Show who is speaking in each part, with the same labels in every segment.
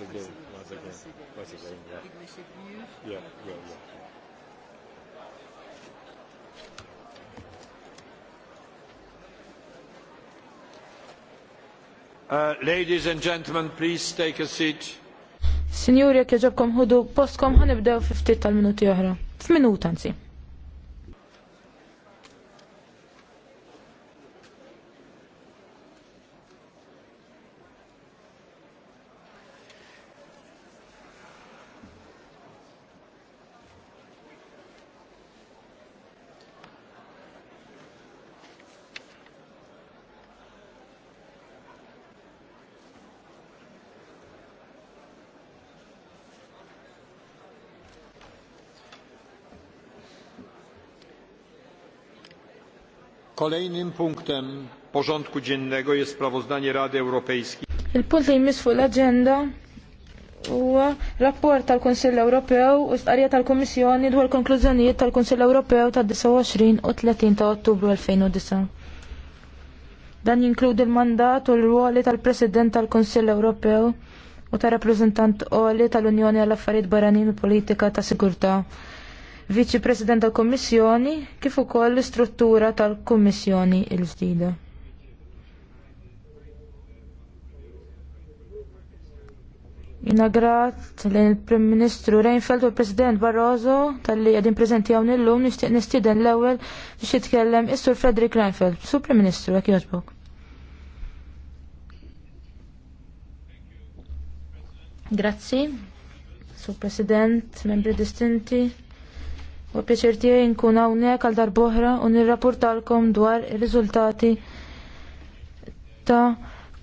Speaker 1: was a again, was a again, was a game. yeah. Yeah, yeah, yeah. Uh, ladies and gentlemen, please take a seat. Signori, jekk jaġobkom ħudu postkom ħanibdew 50 tal-minuti oħra. F'minuta nsi. Kolejnym punktem porządku dziennego jest sprawozdanie Rady Europejskiej. Il-punt li jmiss fuq l-agenda huwa rapport tal-Kunsill Ewropew u stqarrija tal-Kummissjoni dwar konklużjonijiet tal-Kunsill Ewropew ta' 29 u 30 ta' Ottubru 2009. Dan jinkludi l-mandat u l-ruoli tal-President tal-Kunsill Ewropew u ta' rappreżentant qoli tal-Unjoni għall-Affarijiet Barranin u Politika ta' Sigurtà viċi President tal-Kommissjoni kif ukoll l-istruttura tal-Kummissjoni l-ġdida. Inagrat lejn prim Ministru Reinfeldt u l-President Barroso tal-li għedin prezenti għawni l lum nishtiq nistiden l-ewel biex jitkellem is-Sur Frederick Reinfeldt, Sur Prim Ministru, għak jozbok. Grazzi, Sur President, membri distinti. U pjaċir tiegħi nkun hawnhekk għal darb'oħra u nirrapportalkom dwar ir-riżultati ta'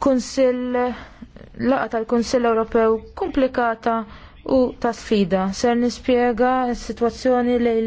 Speaker 1: kunsill laqa tal-Kunsill Ewropew komplikata u ta' sfida. Ser nispjega s-sitwazzjoni lejn